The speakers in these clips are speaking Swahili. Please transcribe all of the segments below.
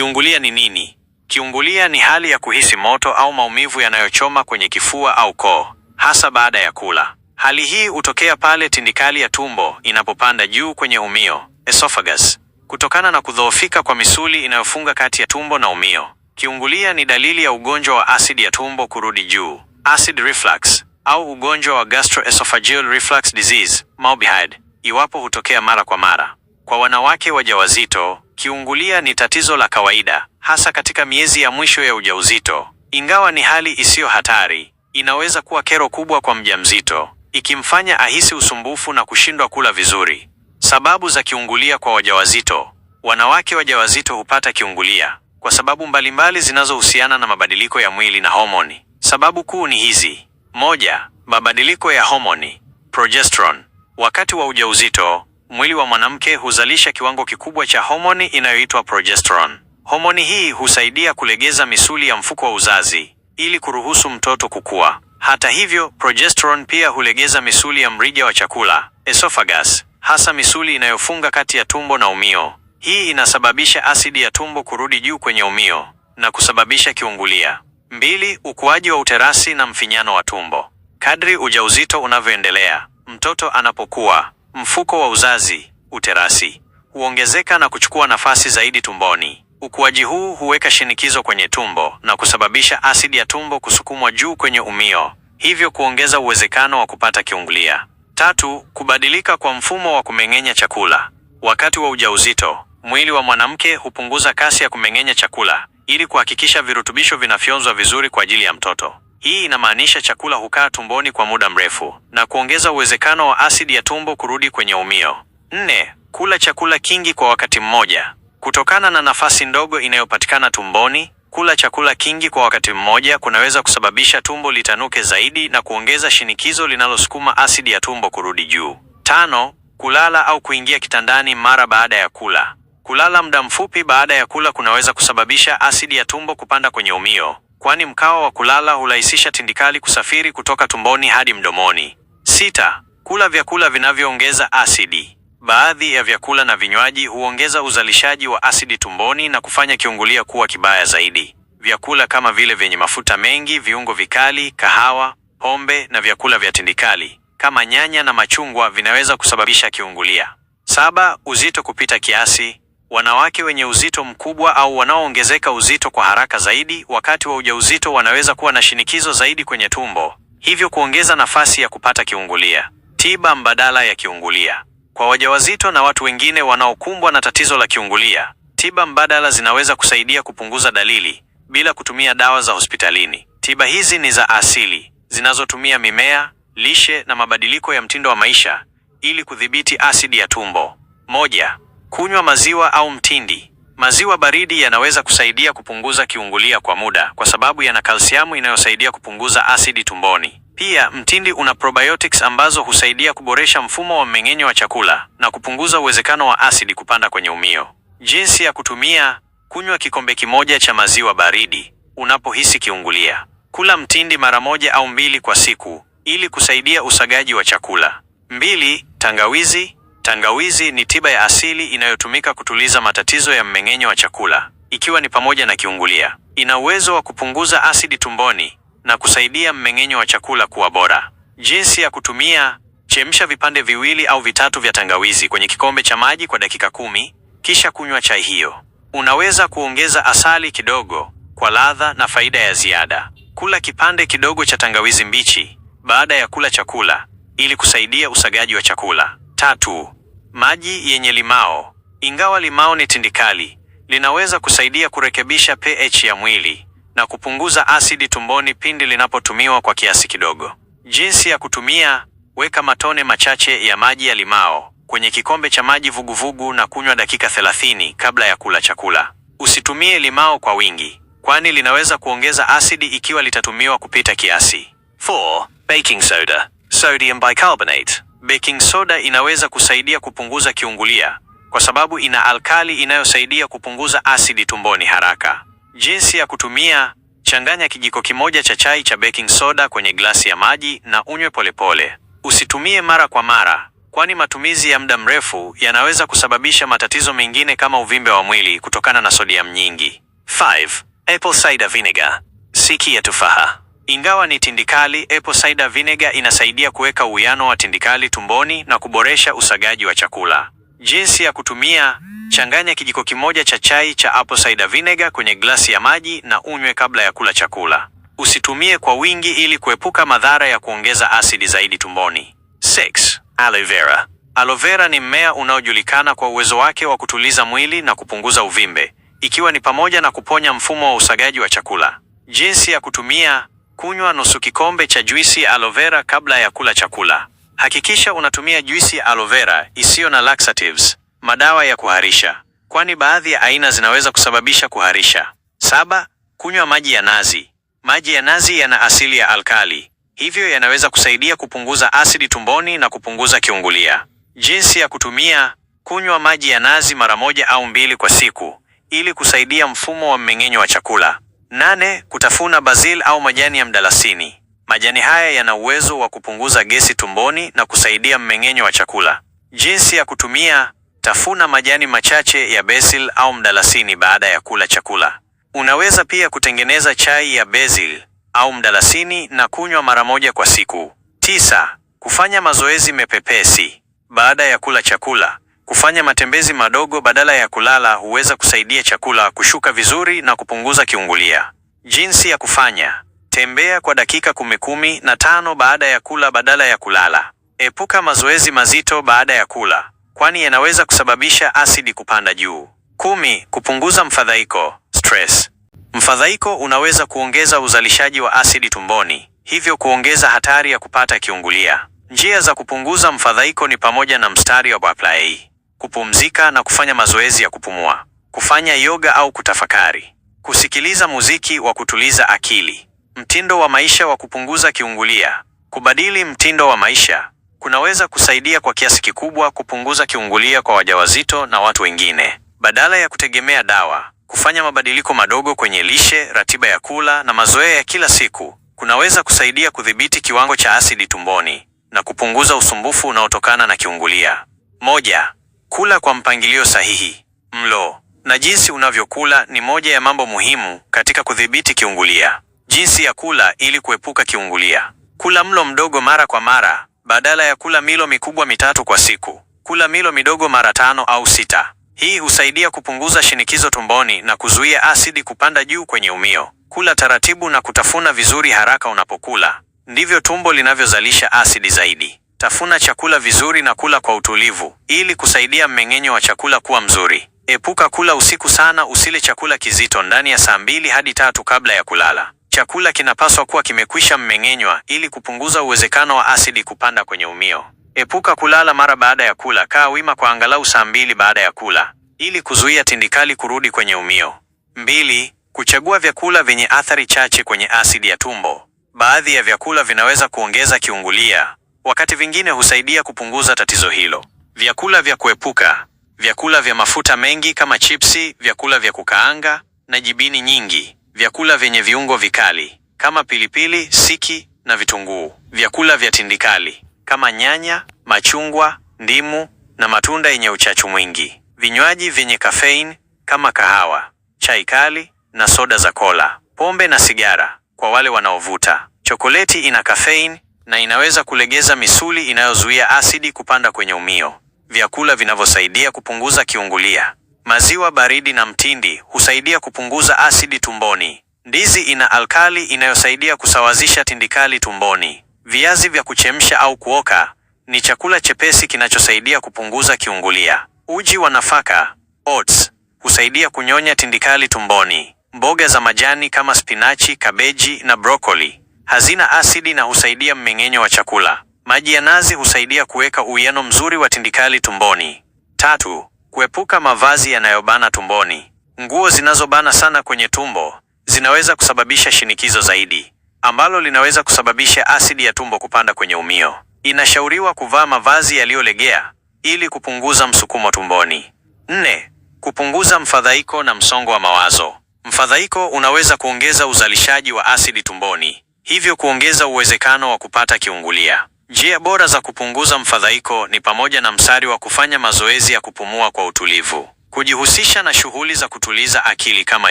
Kiungulia ni nini? Kiungulia ni hali ya kuhisi moto au maumivu yanayochoma kwenye kifua au koo, hasa baada ya kula. Hali hii hutokea pale tindikali ya tumbo inapopanda juu kwenye umio, esophagus, kutokana na kudhoofika kwa misuli inayofunga kati ya tumbo na umio. Kiungulia ni dalili ya ugonjwa wa asidi ya tumbo kurudi juu, acid reflux, au ugonjwa wa gastroesophageal reflux disease, MAUBD, iwapo hutokea mara kwa mara. Kwa wanawake wajawazito Kiungulia ni tatizo la kawaida, hasa katika miezi ya mwisho ya ujauzito. Ingawa ni hali isiyo hatari, inaweza kuwa kero kubwa kwa mjamzito, ikimfanya ahisi usumbufu na kushindwa kula vizuri. Sababu za kiungulia kwa wajawazito. Wanawake wajawazito hupata kiungulia kwa sababu mbalimbali zinazohusiana na mabadiliko ya mwili na homoni. Sababu kuu ni hizi: moja, mabadiliko ya homoni progesterone. Wakati wa ujauzito Mwili wa mwanamke huzalisha kiwango kikubwa cha homoni inayoitwa progesterone. Homoni hii husaidia kulegeza misuli ya mfuko wa uzazi ili kuruhusu mtoto kukua. Hata hivyo, progesterone pia hulegeza misuli ya mrija wa chakula, esophagus, hasa misuli inayofunga kati ya tumbo na umio. Hii inasababisha asidi ya tumbo kurudi juu kwenye umio na kusababisha kiungulia. Mbili, ukuaji wa uterasi na mfinyano wa tumbo. Kadri ujauzito unavyoendelea, mtoto anapokuwa Mfuko wa uzazi uterasi huongezeka na kuchukua nafasi zaidi tumboni. Ukuaji huu huweka shinikizo kwenye tumbo na kusababisha asidi ya tumbo kusukumwa juu kwenye umio, hivyo kuongeza uwezekano wa kupata kiungulia. Tatu, kubadilika kwa mfumo wa kumeng'enya chakula. Wakati wa ujauzito, mwili wa mwanamke hupunguza kasi ya kumeng'enya chakula ili kuhakikisha virutubisho vinafyonzwa vizuri kwa ajili ya mtoto. Hii inamaanisha chakula hukaa tumboni kwa muda mrefu na kuongeza uwezekano wa asidi ya tumbo kurudi kwenye umio. Nne, kula chakula kingi kwa wakati mmoja. Kutokana na nafasi ndogo inayopatikana tumboni, kula chakula kingi kwa wakati mmoja kunaweza kusababisha tumbo litanuke zaidi na kuongeza shinikizo linalosukuma asidi ya tumbo kurudi juu. Tano, kulala au kuingia kitandani mara baada ya kula. Kulala muda mfupi baada ya kula kunaweza kusababisha asidi ya tumbo kupanda kwenye umio kwani mkao wa kulala hurahisisha tindikali kusafiri kutoka tumboni hadi mdomoni. Sita, kula vyakula vinavyoongeza asidi. Baadhi ya vyakula na vinywaji huongeza uzalishaji wa asidi tumboni na kufanya kiungulia kuwa kibaya zaidi. Vyakula kama vile vyenye mafuta mengi, viungo vikali, kahawa, pombe na vyakula vya tindikali kama nyanya na machungwa vinaweza kusababisha kiungulia. Saba, uzito kupita kiasi. Wanawake wenye uzito mkubwa au wanaoongezeka uzito kwa haraka zaidi wakati wa ujauzito wanaweza kuwa na shinikizo zaidi kwenye tumbo, hivyo kuongeza nafasi ya kupata kiungulia. Tiba mbadala ya kiungulia kwa wajawazito na watu wengine wanaokumbwa na tatizo la kiungulia, tiba mbadala zinaweza kusaidia kupunguza dalili bila kutumia dawa za hospitalini. Tiba hizi ni za asili zinazotumia mimea, lishe na mabadiliko ya mtindo wa maisha ili kudhibiti asidi ya tumbo. Moja. Kunywa maziwa au mtindi. Maziwa baridi yanaweza kusaidia kupunguza kiungulia kwa muda, kwa sababu yana kalsiamu inayosaidia kupunguza asidi tumboni. Pia mtindi una probiotics ambazo husaidia kuboresha mfumo wa mmeng'enyo wa chakula na kupunguza uwezekano wa asidi kupanda kwenye umio. Jinsi ya kutumia: kunywa kikombe kimoja cha maziwa baridi unapohisi kiungulia. Kula mtindi mara moja au mbili kwa siku ili kusaidia usagaji wa chakula. Mbili, tangawizi Tangawizi ni tiba ya asili inayotumika kutuliza matatizo ya mmeng'enyo wa chakula, ikiwa ni pamoja na kiungulia. Ina uwezo wa kupunguza asidi tumboni na kusaidia mmeng'enyo wa chakula kuwa bora. Jinsi ya kutumia: chemsha vipande viwili au vitatu vya tangawizi kwenye kikombe cha maji kwa dakika kumi, kisha kunywa chai hiyo. Unaweza kuongeza asali kidogo kwa ladha na faida ya ziada. Kula kipande kidogo cha tangawizi mbichi baada ya kula chakula ili kusaidia usagaji wa chakula. Tatu, Maji yenye limao. Ingawa limao ni tindikali, linaweza kusaidia kurekebisha pH ya mwili na kupunguza asidi tumboni pindi linapotumiwa kwa kiasi kidogo. Jinsi ya kutumia: weka matone machache ya maji ya limao kwenye kikombe cha maji vuguvugu na kunywa dakika 30 kabla ya kula chakula. Usitumie limao kwa wingi, kwani linaweza kuongeza asidi ikiwa litatumiwa kupita kiasi. 4. Baking soda, sodium bicarbonate. Baking soda inaweza kusaidia kupunguza kiungulia kwa sababu ina alkali inayosaidia kupunguza asidi tumboni haraka. Jinsi ya kutumia: changanya kijiko kimoja cha chai cha baking soda kwenye glasi ya maji na unywe polepole. Usitumie mara kwa mara, kwani matumizi ya muda mrefu yanaweza kusababisha matatizo mengine kama uvimbe wa mwili kutokana na sodium nyingi. 5. Apple cider vinegar, siki ya tufaha. Ingawa ni tindikali, apple cider vinegar inasaidia kuweka uwiano wa tindikali tumboni na kuboresha usagaji wa chakula. Jinsi ya kutumia: changanya kijiko kimoja cha chai cha apple cider vinegar kwenye glasi ya maji na unywe kabla ya kula chakula. Usitumie kwa wingi ili kuepuka madhara ya kuongeza asidi zaidi tumboni. Six, aloe vera. Aloe vera ni mmea unaojulikana kwa uwezo wake wa kutuliza mwili na kupunguza uvimbe, ikiwa ni pamoja na kuponya mfumo wa usagaji wa chakula. Jinsi ya kutumia: Kunywa nusu kikombe cha juisi aloe vera kabla ya kula chakula. Hakikisha unatumia juisi ya aloe vera isiyo na laxatives, madawa ya kuharisha, kwani baadhi ya aina zinaweza kusababisha kuharisha. Saba, kunywa maji ya nazi. Maji ya nazi yana asili ya alkali, hivyo yanaweza kusaidia kupunguza asidi tumboni na kupunguza kiungulia. Jinsi ya kutumia: kunywa maji ya nazi mara moja au mbili kwa siku ili kusaidia mfumo wa mmeng'enyo wa chakula. Nane, kutafuna bazil au majani ya mdalasini. Majani haya yana uwezo wa kupunguza gesi tumboni na kusaidia mmeng'enyo wa chakula. Jinsi ya kutumia: tafuna majani machache ya basil au mdalasini baada ya kula chakula. Unaweza pia kutengeneza chai ya basil au mdalasini na kunywa mara moja kwa siku. Tisa, kufanya mazoezi mepepesi baada ya kula chakula. Kufanya matembezi madogo badala ya kulala huweza kusaidia chakula kushuka vizuri na kupunguza kiungulia. Jinsi ya kufanya: tembea kwa dakika kumi kumi na tano baada ya kula badala ya kulala. Epuka mazoezi mazito baada ya kula, kwani yanaweza kusababisha asidi kupanda juu. Kumi, kupunguza mfadhaiko stress. Mfadhaiko unaweza kuongeza uzalishaji wa asidi tumboni, hivyo kuongeza hatari ya kupata kiungulia. Njia za kupunguza mfadhaiko ni pamoja na mstari wa Barclay kupumzika na kufanya mazoezi ya kupumua, kufanya yoga au kutafakari, kusikiliza muziki wa kutuliza akili, mtindo wa maisha wa kupunguza kiungulia. Kubadili mtindo wa maisha kunaweza kusaidia kwa kiasi kikubwa kupunguza kiungulia kwa wajawazito na watu wengine. Badala ya kutegemea dawa, kufanya mabadiliko madogo kwenye lishe, ratiba ya kula na mazoea ya kila siku kunaweza kusaidia kudhibiti kiwango cha asidi tumboni na kupunguza usumbufu unaotokana na kiungulia. Moja. Kula kwa mpangilio sahihi. Mlo na jinsi unavyokula ni moja ya mambo muhimu katika kudhibiti kiungulia. Jinsi ya kula ili kuepuka kiungulia: kula mlo mdogo mara kwa mara badala ya kula milo mikubwa mitatu kwa siku. Kula milo midogo mara tano au sita. Hii husaidia kupunguza shinikizo tumboni na kuzuia asidi kupanda juu kwenye umio. Kula taratibu na kutafuna vizuri haraka unapokula, ndivyo tumbo linavyozalisha asidi zaidi. Tafuna chakula vizuri na kula kwa utulivu ili kusaidia mmeng'enyo wa chakula kuwa mzuri. Epuka kula usiku sana, usile chakula kizito ndani ya saa mbili hadi tatu kabla ya kulala. Chakula kinapaswa kuwa kimekwisha mmeng'enywa ili kupunguza uwezekano wa asidi kupanda kwenye umio. Epuka kulala mara baada ya kula, kaa wima kwa angalau saa mbili baada ya kula ili kuzuia tindikali kurudi kwenye umio. Mbili, kuchagua vyakula vyenye athari chache kwenye asidi ya tumbo. Baadhi ya vyakula vinaweza kuongeza kiungulia wakati vingine husaidia kupunguza tatizo hilo. Vyakula vya kuepuka: vyakula vya mafuta mengi kama chipsi, vyakula vya kukaanga na jibini nyingi, vyakula vyenye viungo vikali kama pilipili, siki na vitunguu, vyakula vya tindikali kama nyanya, machungwa, ndimu na matunda yenye uchachu mwingi, vinywaji vyenye kafein kama kahawa, chai kali na soda za kola, pombe na sigara kwa wale wanaovuta. Chokoleti ina kafeini na inaweza kulegeza misuli inayozuia asidi kupanda kwenye umio. Vyakula vinavyosaidia kupunguza kiungulia: maziwa baridi na mtindi husaidia kupunguza asidi tumboni. Ndizi ina alkali inayosaidia kusawazisha tindikali tumboni. Viazi vya kuchemsha au kuoka ni chakula chepesi kinachosaidia kupunguza kiungulia. Uji wa nafaka oats husaidia kunyonya tindikali tumboni. Mboga za majani kama spinachi, kabeji na brokoli hazina asidi na husaidia mmeng'enyo wa chakula. Maji ya nazi husaidia kuweka uwiano mzuri wa tindikali tumboni. Tatu, kuepuka mavazi yanayobana tumboni. Nguo zinazobana sana kwenye tumbo zinaweza kusababisha shinikizo zaidi ambalo linaweza kusababisha asidi ya tumbo kupanda kwenye umio. Inashauriwa kuvaa mavazi yaliyolegea ili kupunguza msukumo tumboni. Nne, kupunguza mfadhaiko na msongo wa mawazo. Mfadhaiko unaweza kuongeza uzalishaji wa asidi tumboni hivyo kuongeza uwezekano wa kupata kiungulia. Njia bora za kupunguza mfadhaiko ni pamoja na mstari wa kufanya mazoezi ya kupumua kwa utulivu, kujihusisha na shughuli za kutuliza akili kama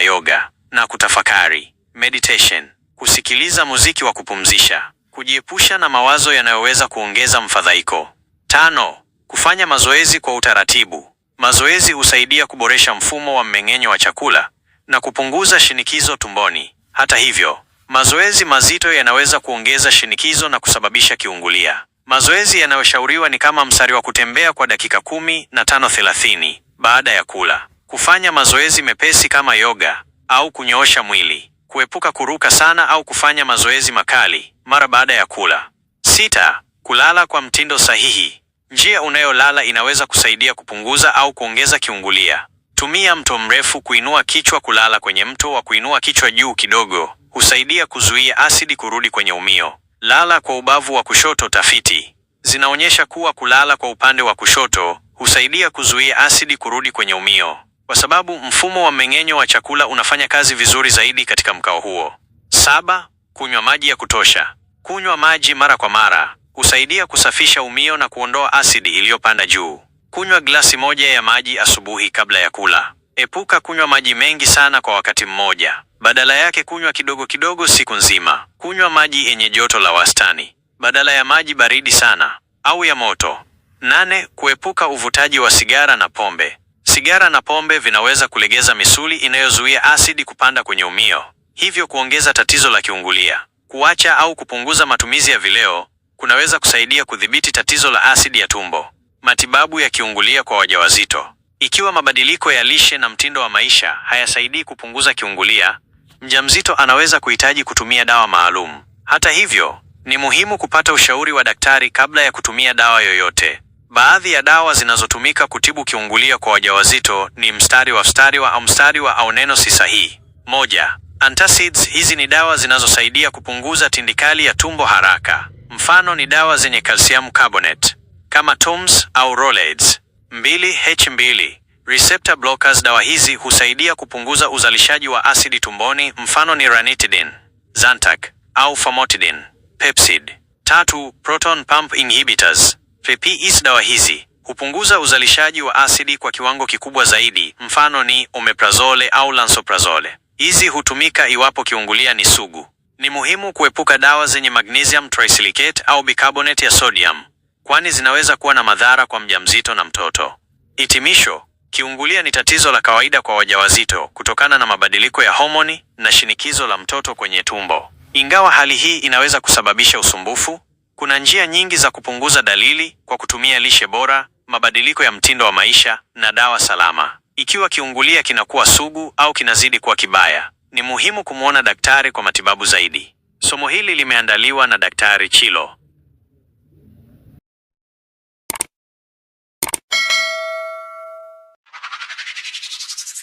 yoga na kutafakari meditation, kusikiliza muziki wa kupumzisha, kujiepusha na mawazo yanayoweza kuongeza mfadhaiko. Tano, kufanya mazoezi kwa utaratibu. Mazoezi husaidia kuboresha mfumo wa mmeng'enyo wa chakula na kupunguza shinikizo tumboni. Hata hivyo Mazoezi mazito yanaweza kuongeza shinikizo na kusababisha kiungulia. Mazoezi yanayoshauriwa ni kama mstari wa kutembea kwa dakika kumi na tano thelathini baada ya kula, kufanya mazoezi mepesi kama yoga au kunyoosha mwili, kuepuka kuruka sana au kufanya mazoezi makali mara baada ya kula. Sita, kulala kwa mtindo sahihi. Njia unayolala inaweza kusaidia kupunguza au kuongeza kiungulia. Tumia mto mrefu kuinua kichwa. Kulala kwenye mto wa kuinua kichwa juu kidogo husaidia kuzuia asidi kurudi kwenye umio. Lala kwa ubavu wa kushoto. Tafiti zinaonyesha kuwa kulala kwa upande wa kushoto husaidia kuzuia asidi kurudi kwenye umio, kwa sababu mfumo wa mmeng'enyo wa chakula unafanya kazi vizuri zaidi katika mkao huo. Saba, kunywa maji ya kutosha. Kunywa maji mara kwa mara husaidia kusafisha umio na kuondoa asidi iliyopanda juu. Kunywa glasi moja ya maji asubuhi kabla ya kula. Epuka kunywa maji mengi sana kwa wakati mmoja. Badala yake kunywa kidogo kidogo siku nzima. Kunywa maji yenye joto la wastani badala ya maji baridi sana au ya moto. Nane, kuepuka uvutaji wa sigara na pombe. Sigara na pombe vinaweza kulegeza misuli inayozuia asidi kupanda kwenye umio, hivyo kuongeza tatizo la kiungulia. Kuacha au kupunguza matumizi ya vileo kunaweza kusaidia kudhibiti tatizo la asidi ya tumbo. Matibabu ya kiungulia kwa wajawazito. Ikiwa mabadiliko ya lishe na mtindo wa maisha hayasaidii kupunguza kiungulia mjamzito anaweza kuhitaji kutumia dawa maalum. Hata hivyo, ni muhimu kupata ushauri wa daktari kabla ya kutumia dawa yoyote. Baadhi ya dawa zinazotumika kutibu kiungulia kwa wajawazito ni mstari wa mstari wa au mstari wa au neno si sahihi. Moja, Antacids. Hizi ni dawa zinazosaidia kupunguza tindikali ya tumbo haraka. Mfano ni dawa zenye calcium carbonate kama Tums au Rolaids. Mbili, H2 Receptor blockers. Dawa hizi husaidia kupunguza uzalishaji wa asidi tumboni, mfano ni ranitidine, Zantac au famotidine, Pepcid. Tatu, proton pump inhibitors PPIs. Dawa hizi hupunguza uzalishaji wa asidi kwa kiwango kikubwa zaidi, mfano ni omeprazole au lansoprazole. Hizi hutumika iwapo kiungulia ni sugu. Ni muhimu kuepuka dawa zenye magnesium trisilicate au bicarbonate ya sodium, kwani zinaweza kuwa na madhara kwa mjamzito na mtoto. Hitimisho. Kiungulia ni tatizo la kawaida kwa wajawazito kutokana na mabadiliko ya homoni na shinikizo la mtoto kwenye tumbo. Ingawa hali hii inaweza kusababisha usumbufu, kuna njia nyingi za kupunguza dalili kwa kutumia lishe bora, mabadiliko ya mtindo wa maisha na dawa salama. Ikiwa kiungulia kinakuwa sugu au kinazidi kuwa kibaya, ni muhimu kumwona daktari kwa matibabu zaidi. Somo hili limeandaliwa na Daktari Chilo.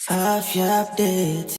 Five-year update